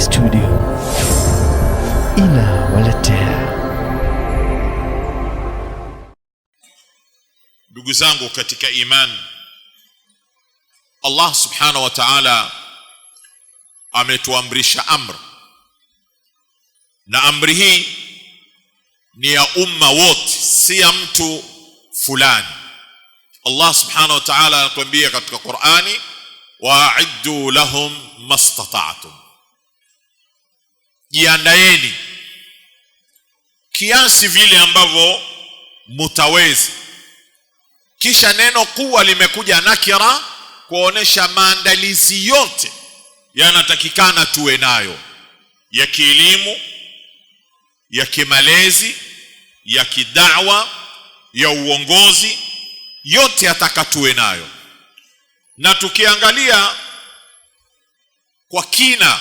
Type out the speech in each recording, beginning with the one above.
Studio inawaletea ndugu zangu katika imani. Allah subhanahu wa ta'ala ametuamrisha amri, na amri hii ni ya umma wote, si ya mtu fulani. Allah subhanahu wa ta'ala anatuambia katika Qur'ani, wa'iddu lahum mastata'tum jiandaeni kiasi vile ambavyo mutaweza. Kisha neno kuwa limekuja nakira kuonesha maandalizi yote yanatakikana tuwe nayo ya kielimu, ya kimalezi, ya kidawa, ya uongozi, yote yataka tuwe nayo. Na tukiangalia kwa kina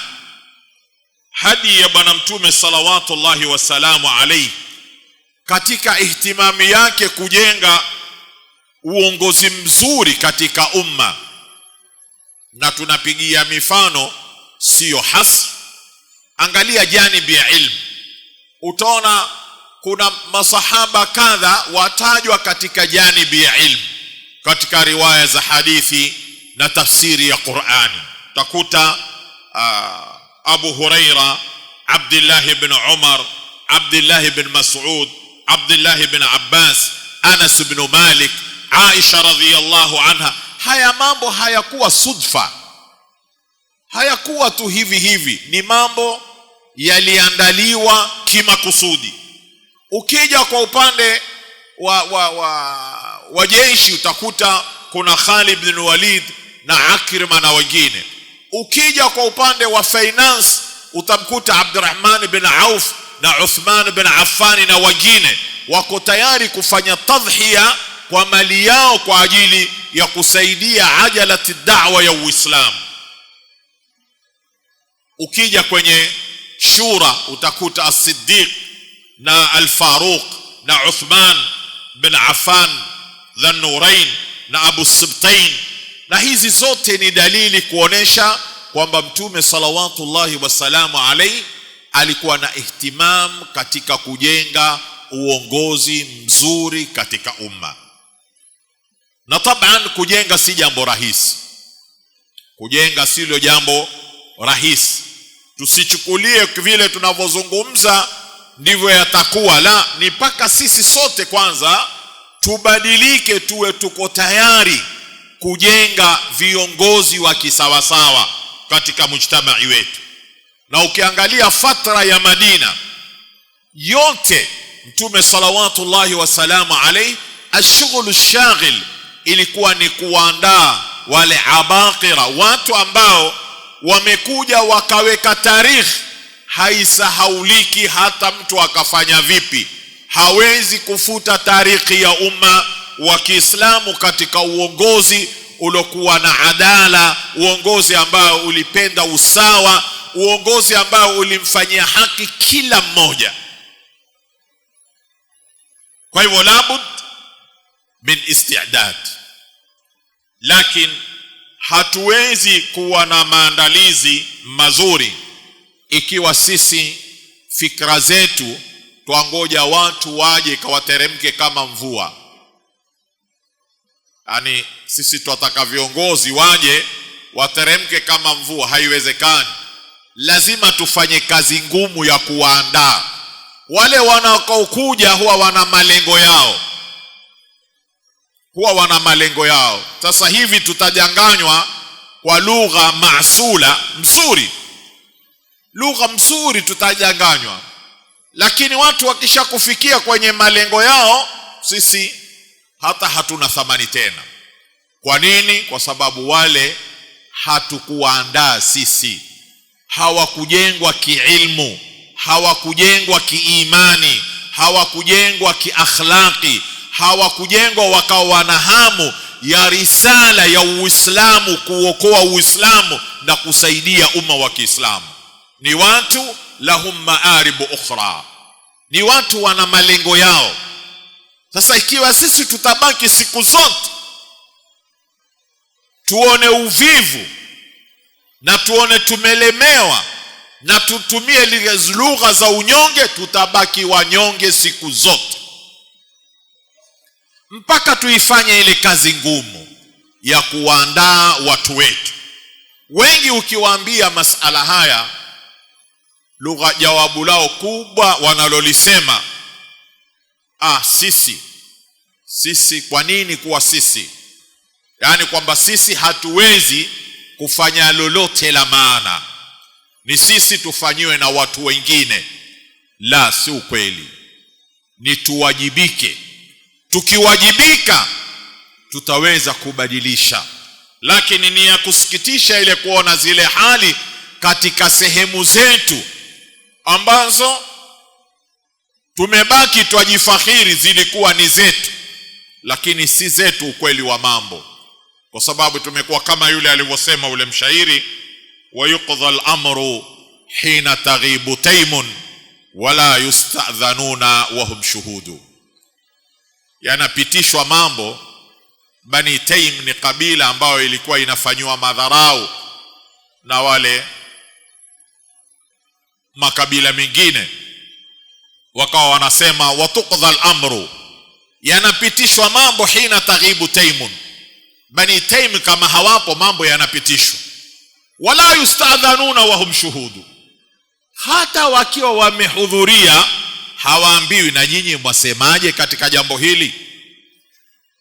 hadi ya Bwana Mtume salawatullahi wasalamu alaihi katika ihtimami yake kujenga uongozi mzuri katika umma, na tunapigia mifano siyo hasi. Angalia janibi ya ilmu, utaona kuna masahaba kadha watajwa katika janibi ya ilmu katika riwaya za hadithi na tafsiri ya Qur'ani utakuta uh, Abu Huraira, Abdullah ibn Umar, Abdullah ibn Mas'ud, Abdullah ibn Abbas, Anas ibn Malik, Aisha radhiyallahu anha. Haya mambo hayakuwa sudfa, hayakuwa tu hivi hivi, ni mambo yaliandaliwa kimakusudi. Ukija kwa upande wa, wa, wa, wa jeshi utakuta kuna Khalid bin Walid na Akrima na wengine Ukija kwa upande wa finance utamkuta Abdurrahman bin Auf na Uthman bin Affan na wengine wako tayari kufanya tadhhiya kwa mali yao kwa ajili ya kusaidia ajalati da'wa ya Uislamu. Ukija kwenye shura utakuta as-Siddiq na al-Faruq na Uthman bin Affan dhan Nurain na Abu Sibtain, na hizi zote ni dalili kuonesha kwamba Mtume salawatullahi wasalamu alaihi alikuwa na ihtimam katika kujenga uongozi mzuri katika umma, na taban, kujenga si jambo rahisi. Kujenga silo jambo rahisi, tusichukulie vile tunavyozungumza ndivyo yatakuwa, la, ni mpaka sisi sote kwanza tubadilike, tuwe tuko tayari kujenga viongozi wa kisawasawa katika mujtamai wetu. Na ukiangalia fatra ya Madina yote, Mtume salawatullahi wasalamu alaihi, ashughulu shaghil ilikuwa ni kuandaa wale abakira, watu ambao wamekuja wakaweka tarikhi haisahauliki, hata mtu akafanya vipi, hawezi kufuta tarikhi ya umma wa Kiislamu katika uongozi uliokuwa na adala, uongozi ambao ulipenda usawa, uongozi ambao ulimfanyia haki kila mmoja. Kwa hivyo labud min istidad, lakini hatuwezi kuwa na maandalizi mazuri ikiwa sisi fikra zetu twangoja watu waje kawateremke kama mvua yaani sisi twataka viongozi waje wateremke kama mvua, haiwezekani. Lazima tufanye kazi ngumu ya kuwaandaa wale wanaokuja. Huwa wana malengo yao, huwa wana malengo yao. Sasa hivi tutajanganywa kwa lugha masula mzuri, lugha mzuri tutajanganywa, lakini watu wakishakufikia kwenye malengo yao, sisi hata hatuna thamani tena. Kwa nini? Kwa sababu wale hatukuwaandaa sisi, hawakujengwa kiilmu, hawakujengwa kiimani, hawakujengwa kiakhlaqi, hawakujengwa wakawa wana hamu ya risala ya Uislamu, kuokoa Uislamu na kusaidia umma wa Kiislamu. Ni watu lahum maaribu ukhra, ni watu wana malengo yao sasa ikiwa sisi tutabaki siku zote tuone uvivu na tuone tumelemewa na tutumie lugha za unyonge, tutabaki wanyonge siku zote, mpaka tuifanye ile kazi ngumu ya kuandaa watu wetu. Wengi ukiwaambia masala haya, lugha jawabu lao kubwa wanalolisema ah, sisi sisi. Kwa nini kuwa sisi? Yaani kwamba sisi hatuwezi kufanya lolote la maana, ni sisi tufanyiwe na watu wengine. La, si ukweli, ni tuwajibike. Tukiwajibika tutaweza kubadilisha, lakini ni ya kusikitisha ile kuona zile hali katika sehemu zetu ambazo Tumebaki twajifahiri, zilikuwa ni zetu, lakini si zetu ukweli wa mambo, kwa sababu tumekuwa kama yule alivyosema ule mshairi, wa yuqdha lamru hina taghibu taimun wala yustadhanuna wahum shuhudu, yanapitishwa mambo. Bani Taim ni kabila ambayo ilikuwa inafanyiwa madharau na wale makabila mengine wakawa wanasema watukdha al-amru yanapitishwa mambo hina taghibu taimun bani taim kama hawapo mambo yanapitishwa wala yustadhanuna wa hum shuhudu hata wakiwa wamehudhuria hawaambiwi na nyinyi mwasemaje katika jambo hili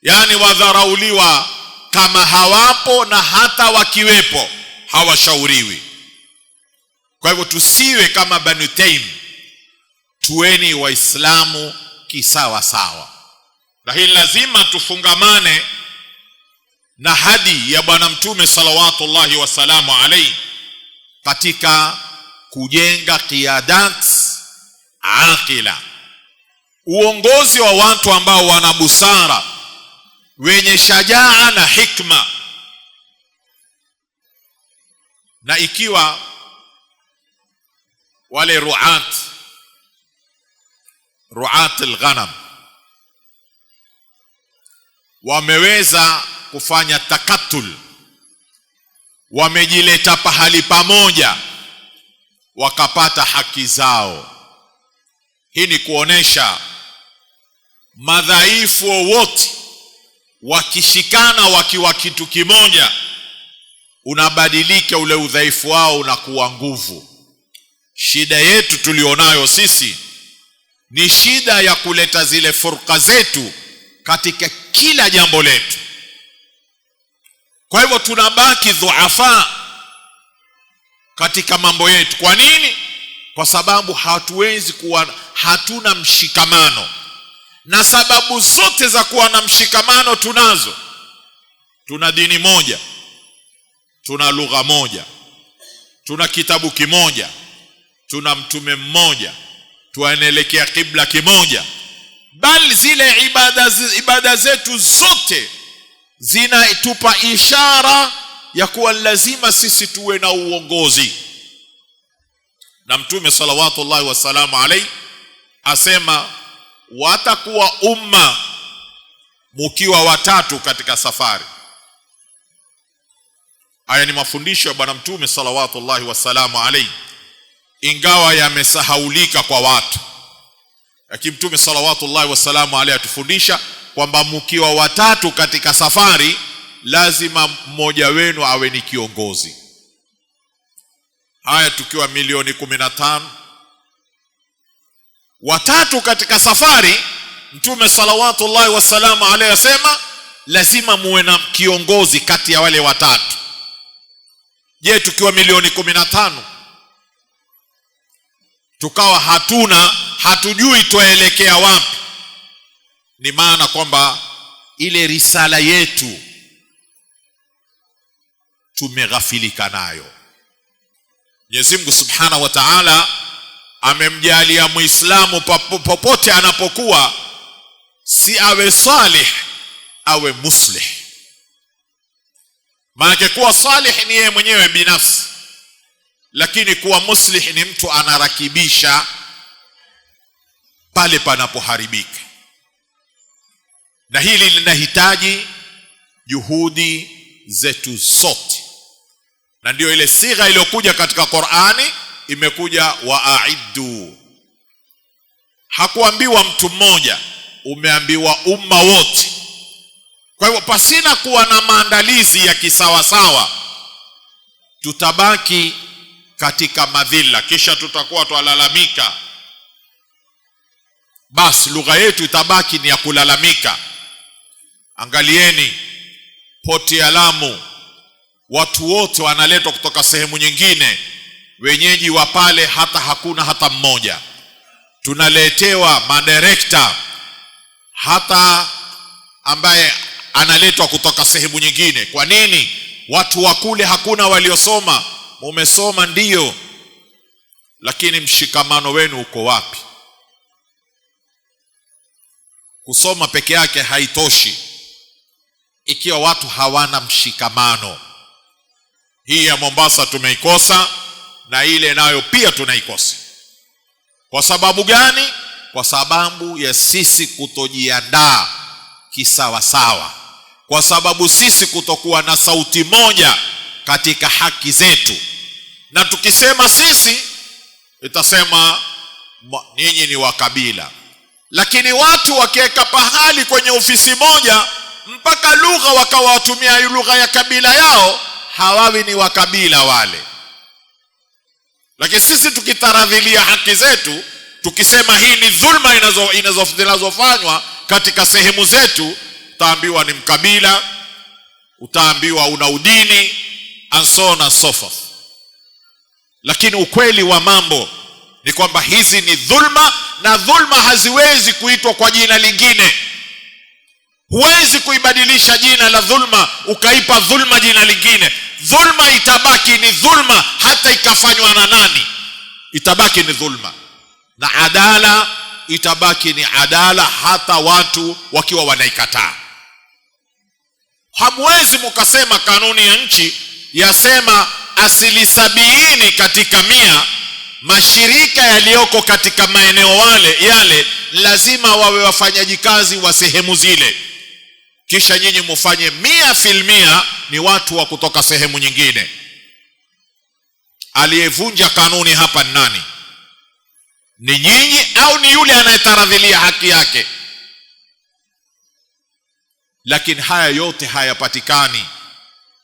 yani wadharauliwa kama hawapo na hata wakiwepo hawashauriwi kwa hivyo tusiwe kama bani taimu tuweni waislamu kisawa sawa na hili lazima tufungamane na hadi ya bwana mtume salawatullahi wasalamu alaihi katika kujenga qiyadat aqila uongozi wa watu ambao wana busara wenye shajaa na hikma na ikiwa wale ruat ruat alghanam wameweza kufanya takatul, wamejileta pahali pamoja wakapata haki zao. Hii ni kuonesha madhaifu wowote wakishikana wakiwa kitu kimoja, unabadilika ule udhaifu wao unakuwa nguvu. Shida yetu tulionayo sisi ni shida ya kuleta zile furqa zetu katika kila jambo letu. Kwa hivyo tunabaki dhuafa katika mambo yetu. Kwa nini? Kwa sababu hatuwezi kuwa, hatuna mshikamano, na sababu zote za kuwa na mshikamano tunazo. Tuna dini moja, tuna lugha moja, tuna kitabu kimoja, tuna mtume mmoja tuanaelekea kibla kimoja bali zile ibada, ibada zetu zote zinatupa ishara ya kuwa lazima sisi tuwe na uongozi na mtume salawatullahi wasalamu alaihi asema watakuwa umma mukiwa watatu katika safari haya ni mafundisho ya bwana mtume salawatullahi wasalamu alaihi ingawa yamesahaulika kwa watu. Lakini Mtume salawatullahi wasalamu alayhi atufundisha kwamba mkiwa watatu katika safari, lazima mmoja wenu awe ni kiongozi. Haya, tukiwa milioni kumi na tano watatu katika safari, Mtume salawatullahi wasalamu alayhi asema lazima muwe na kiongozi kati ya wale watatu. Je, tukiwa milioni kumi na tano tukawa hatuna hatujui twaelekea wapi ni maana kwamba ile risala yetu tumeghafilika nayo Mwenyezi Mungu Subhanahu wa Ta'ala amemjalia Muislamu popote anapokuwa si awe salih awe muslih maana kuwa salih ni yeye mwenyewe binafsi lakini kuwa muslih ni mtu anarakibisha pale panapoharibika, na hili linahitaji juhudi zetu zote, na ndiyo ile sigha iliyokuja katika Qur'ani, imekuja waaiddu. Hakuambiwa mtu mmoja, umeambiwa umma wote. Kwa hivyo pasina kuwa na maandalizi ya kisawasawa, tutabaki katika madhila, kisha tutakuwa twalalamika, basi lugha yetu itabaki ni ya kulalamika. Angalieni poti ya Lamu, watu wote wanaletwa kutoka sehemu nyingine, wenyeji wa pale hata hakuna hata mmoja. Tunaletewa madirekta hata ambaye analetwa kutoka sehemu nyingine. Kwa nini? Watu wa kule hakuna waliosoma mumesoma ndiyo, lakini mshikamano wenu uko wapi? Kusoma peke yake haitoshi ikiwa watu hawana mshikamano. Hii ya Mombasa tumeikosa na ile nayo pia tunaikosa. Kwa sababu gani? Kwa sababu ya sisi kutojiandaa kisawasawa, kwa sababu sisi kutokuwa na sauti moja katika haki zetu, na tukisema sisi itasema ninyi ni wakabila. Lakini watu wakiweka pahali kwenye ofisi moja mpaka lugha wakawatumia lugha ya kabila yao, hawawi ni wakabila wale. Lakini sisi tukitaradhilia haki zetu, tukisema hii ni dhulma zinazofanywa katika sehemu zetu, utaambiwa ni mkabila, utaambiwa una udini and so on and so forth. Lakini ukweli wa mambo ni kwamba hizi ni dhulma, na dhulma haziwezi kuitwa kwa jina lingine. Huwezi kuibadilisha jina la dhulma ukaipa dhulma jina lingine. Dhulma itabaki ni dhulma, hata ikafanywa na nani, itabaki ni dhulma, na adala itabaki ni adala, hata watu wakiwa wanaikataa. Hamwezi mukasema kanuni ya nchi yasema asili sabiini katika mia mashirika yaliyoko katika maeneo wale yale lazima wawe wafanyaji kazi wa sehemu zile kisha nyinyi mufanye mia filmia ni watu wa kutoka sehemu nyingine aliyevunja kanuni hapa nani ni nyinyi au ni yule anayetaradhilia haki yake lakini haya yote hayapatikani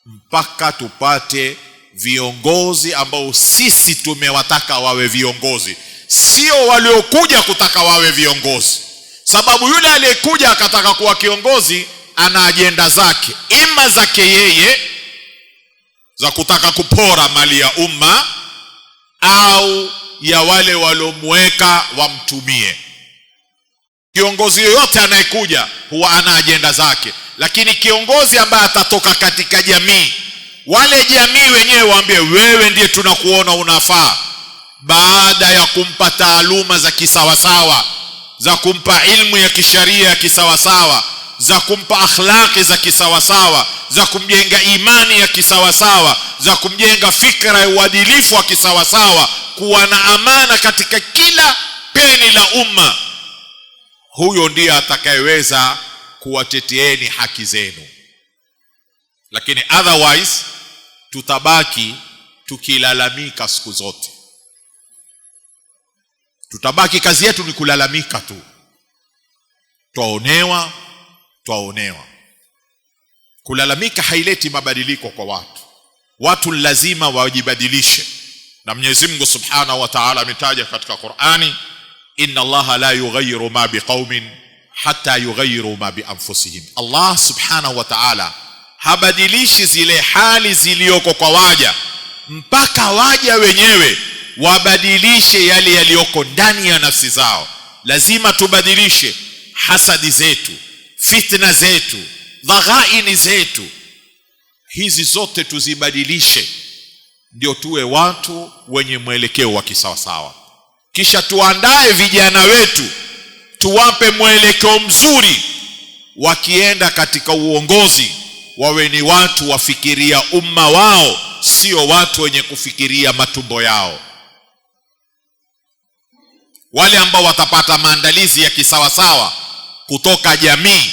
mpaka tupate viongozi ambao sisi tumewataka wawe viongozi, sio waliokuja kutaka wawe viongozi. Sababu yule aliyekuja akataka kuwa kiongozi ana ajenda zake, ima zake yeye za kutaka kupora mali ya umma au ya wale waliomweka wamtumie. Kiongozi yoyote anayekuja huwa ana ajenda zake, lakini kiongozi ambaye atatoka katika jamii, wale jamii wenyewe waambie wewe ndiye tunakuona unafaa, baada ya kumpa taaluma za kisawasawa, za kumpa ilmu ya kisharia ya kisawasawa, za kumpa akhlaqi za kisawasawa, za kumjenga imani ya kisawasawa, za kumjenga fikra ya uadilifu wa kisawasawa, kuwa na amana katika kila peni la umma huyo ndiye atakayeweza kuwateteeni haki zenu lakini otherwise tutabaki tukilalamika siku zote tutabaki kazi yetu ni kulalamika tu twaonewa twaonewa kulalamika haileti mabadiliko kwa watu watu lazima wajibadilishe na mwenyezi mungu subhanahu wa taala ametaja katika qurani inna allaha la yughayyiru ma biqaumin hata yughayyiru ma bianfusihim, Allah subhanahu wa ta'ala habadilishi zile hali ziliyoko kwa waja mpaka waja wenyewe wabadilishe yale yaliyoko ndani ya nafsi zao. Lazima tubadilishe hasadi zetu, fitna zetu, dhaghaini zetu, hizi zote tuzibadilishe, ndio tuwe watu wenye mwelekeo wa kisawasawa kisha tuandae vijana wetu, tuwape mwelekeo mzuri, wakienda katika uongozi wawe ni watu wafikiria umma wao, sio watu wenye kufikiria matumbo yao. Wale ambao watapata maandalizi ya kisawasawa kutoka jamii,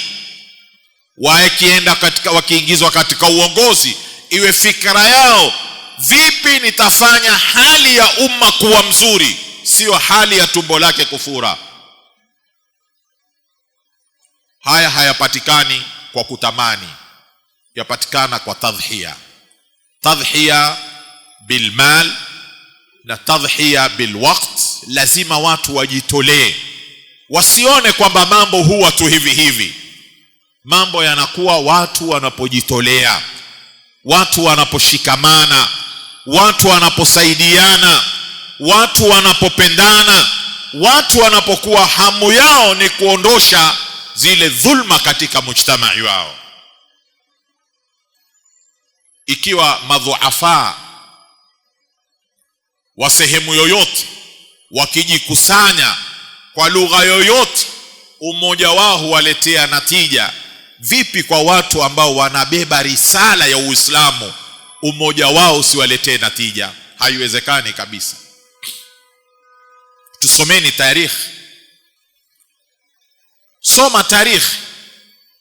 wakienda katika, wakiingizwa katika uongozi, iwe fikra yao vipi, nitafanya hali ya umma kuwa mzuri sio hali ya tumbo lake kufura. Haya hayapatikani kwa kutamani, yapatikana kwa tadhhiya. Tadhhiya bilmal na tadhhiya bilwaqt, lazima watu wajitolee, wasione kwamba mambo huwa tu hivi hivi. Mambo yanakuwa watu wanapojitolea, watu wanaposhikamana, watu wanaposaidiana watu wanapopendana, watu wanapokuwa hamu yao ni kuondosha zile dhulma katika mujtamai wao, ikiwa madhuafa wa sehemu yoyote wakijikusanya kwa lugha yoyote, umoja wao huwaletea natija. Vipi kwa watu ambao wanabeba risala ya Uislamu, umoja wao usiwaletee natija? Haiwezekani kabisa tusomeni tarikh, soma tarikh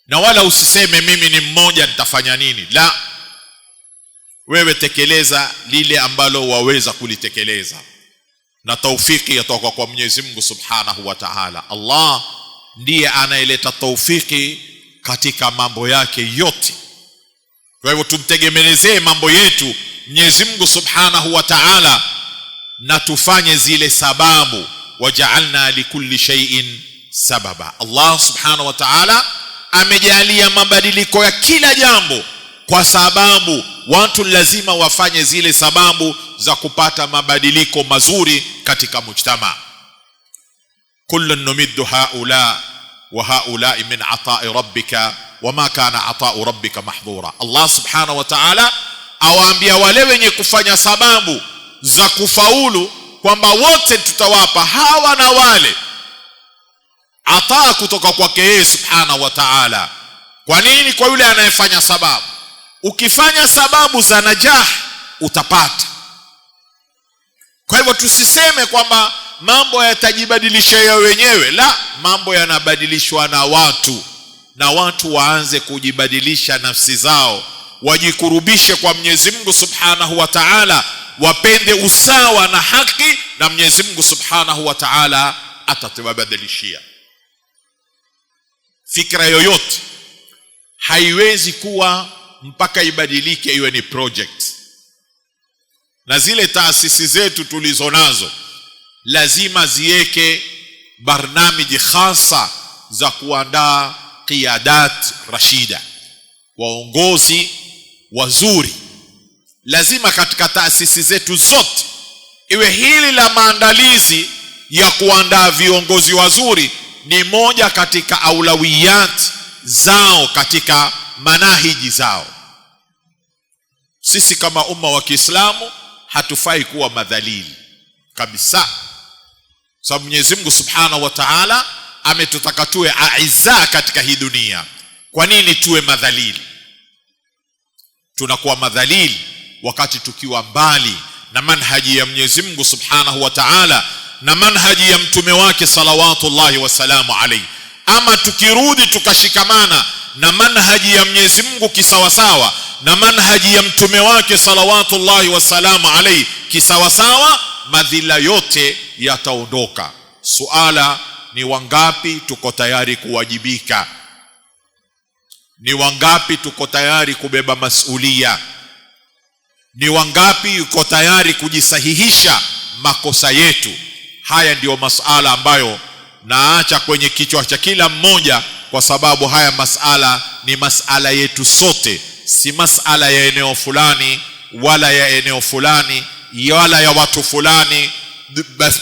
na wala usiseme mimi ni mmoja nitafanya nini. La, wewe tekeleza lile ambalo waweza kulitekeleza, na taufiki yatoka kwa Mwenyezi Mungu Subhanahu wa Ta'ala. Allah ndiye anayeleta taufiki katika mambo yake yote. Kwa hivyo tumtegemelezee mambo yetu Mwenyezi Mungu Subhanahu wa Ta'ala na tufanye zile sababu wajaalna likulli shay'in sababa Allah subhanahu wa ta'ala amejalia mabadiliko ya kila jambo kwa sababu watu lazima wafanye zile sababu za kupata mabadiliko mazuri katika mujtama kullun numiddu haula wa haula min ata'i rabbika wama kana ata'u rabbika mahdhura Allah subhanahu wa ta'ala awaambia wale wenye kufanya sababu za kufaulu kwamba wote tutawapa hawa na wale ataa kutoka kwake yeye subhanahu wa ta'ala kwa nini kwa yule anayefanya sababu ukifanya sababu za najah utapata kwa hivyo tusiseme kwamba mambo yatajibadilisha ya wenyewe la mambo yanabadilishwa na watu na watu waanze kujibadilisha nafsi zao wajikurubishe kwa Mwenyezi Mungu Subhanahu wa Ta'ala wapende usawa na haki na Mwenyezi Mungu Subhanahu wa Ta'ala atatubadilishia. Fikra yoyote haiwezi kuwa mpaka ibadilike iwe ni project, na zile taasisi zetu tulizo nazo lazima ziweke barnamiji hasa za kuandaa qiyadat rashida, waongozi wazuri lazima katika taasisi zetu zote iwe hili la maandalizi ya kuandaa viongozi wazuri ni moja katika aulawiyat zao katika manahiji zao. Sisi kama umma wa Kiislamu hatufai kuwa madhalili kabisa, sababu Mwenyezi Mungu Subhanahu wa Ta'ala ametutaka tuwe aiza katika hii dunia. Kwa nini tuwe madhalili? Tunakuwa madhalili wakati tukiwa mbali na manhaji ya Mwenyezi Mungu Subhanahu wa Ta'ala na manhaji ya mtume wake salawatullahi wasalamu alayhi, ama tukirudi tukashikamana na manhaji ya Mwenyezi Mungu kisawasawa na manhaji ya mtume wake salawatullahi wasalamu alayhi kisawasawa, madhila yote yataondoka. Suala ni wangapi tuko tayari kuwajibika? Ni wangapi tuko tayari kubeba masulia? Ni wangapi yuko tayari kujisahihisha makosa yetu? Haya ndiyo masala ambayo naacha kwenye kichwa cha kila mmoja, kwa sababu haya masala ni masala yetu sote, si masala ya eneo fulani wala ya eneo fulani wala ya watu fulani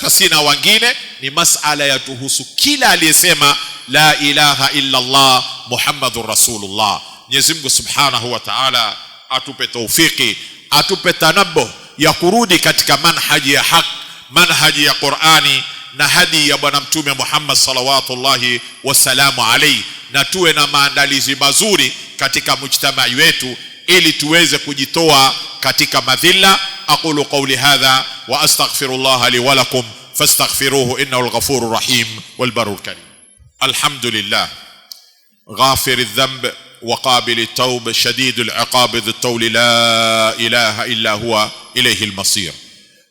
pasina wengine. Ni masala ya tuhusu kila aliyesema la ilaha illa Allah muhammadur rasulullah. Mwenyezi Mungu subhanahu wa ta'ala atupe taufiki. atupe tanabbuh ya kurudi katika manhaji ya haq manhaji ya Qur'ani na hadi ya bwana mtume Muhammad salawatullahi wasalamu alayhi na tuwe na maandalizi mazuri katika mujtamai wetu ili tuweze kujitoa katika madhila aqulu qawli hadha wa astaghfirullah li wa lakum fastaghfiruhu innahu alghafurur rahim wal barur karim alhamdulillah ghafiri adh-dhanb وقابل التوب شديد العقاب ذي الطول لا اله الا هو اليه المصير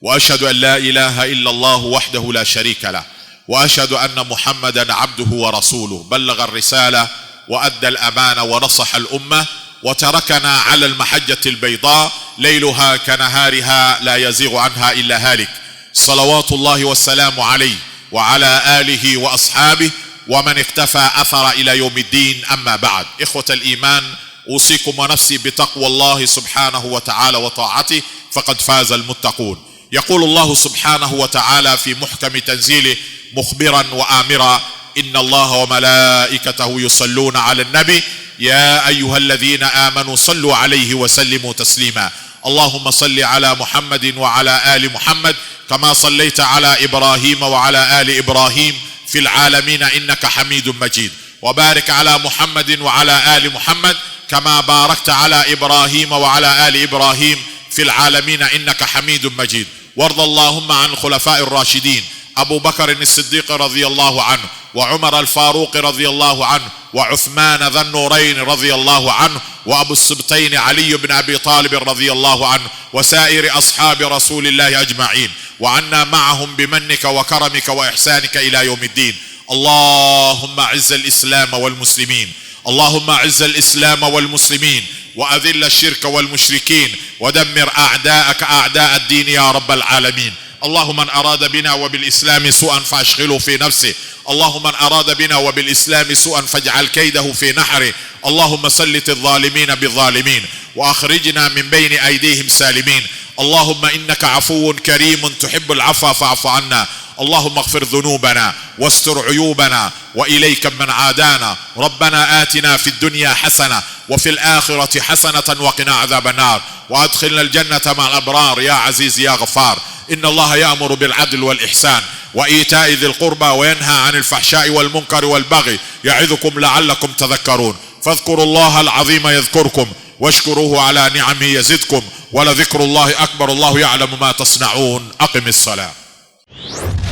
واشهد ان لا اله الا الله وحده لا شريك له واشهد ان محمدا عبده ورسوله بلغ الرساله وادى الامانه ونصح الامه وتركنا على المحجه البيضاء ليلها كنهارها لا يزيغ عنها الا هالك صلوات الله والسلام عليه وعلى اله واصحابه ومن اختفى اثر الى يوم الدين اما بعد اخوه الايمان اوصيكم ونفسي بتقوى الله سبحانه وتعالى وطاعته فقد فاز المتقون يقول الله سبحانه وتعالى في محكم تنزيله مخبرا وامرا ان الله وملائكته يصلون على النبي يا ايها الذين امنوا صلوا عليه وسلموا تسليما اللهم صل على محمد وعلى ال محمد كما صليت على ابراهيم وعلى ال ابراهيم في العالمين انك حميد مجيد وبارك على محمد وعلى ال محمد كما باركت على ابراهيم وعلى ال ابراهيم في العالمين انك حميد مجيد وارض اللهم عن خلفاء الراشدين أبو بكر الصديق رضي الله عنه وعمر الفاروق رضي الله عنه وعثمان ذا النورين رضي الله عنه وأبو السبتين علي بن أبي طالب رضي الله عنه وسائر أصحاب رسول الله أجمعين وعنا معهم بمنك وكرمك وإحسانك إلى يوم الدين اللهم أعز الإسلام والمسلمين اللهم أعز الإسلام والمسلمين وأذل الشرك والمشركين ودمر أعداءك أعداء الدين يا رب العالمين اللهم من أراد بنا وبالإسلام سوءا فأشغله في نفسه اللهم من أراد بنا وبالإسلام سوءا فاجعل كيده في نحره اللهم سلط الظالمين بالظالمين وأخرجنا من بين أيديهم سالمين اللهم إنك عفو كريم تحب العفو فاعف عنا اللهم اغفر ذنوبنا واستر عيوبنا واليك من عادانا ربنا اتنا في الدنيا حسنه وفي الاخره حسنه وقنا عذاب النار وادخلنا الجنه مع الابرار يا عزيز يا غفار إن الله يأمر بالعدل والإحسان وإيتاء ذي القربى وينهى عن الفحشاء والمنكر والبغي يعظكم لعلكم تذكرون فاذكروا الله العظيم يذكركم واشكروه على نعمه يزدكم ولذكر الله أكبر الله يعلم ما تصنعون أقم الصلاة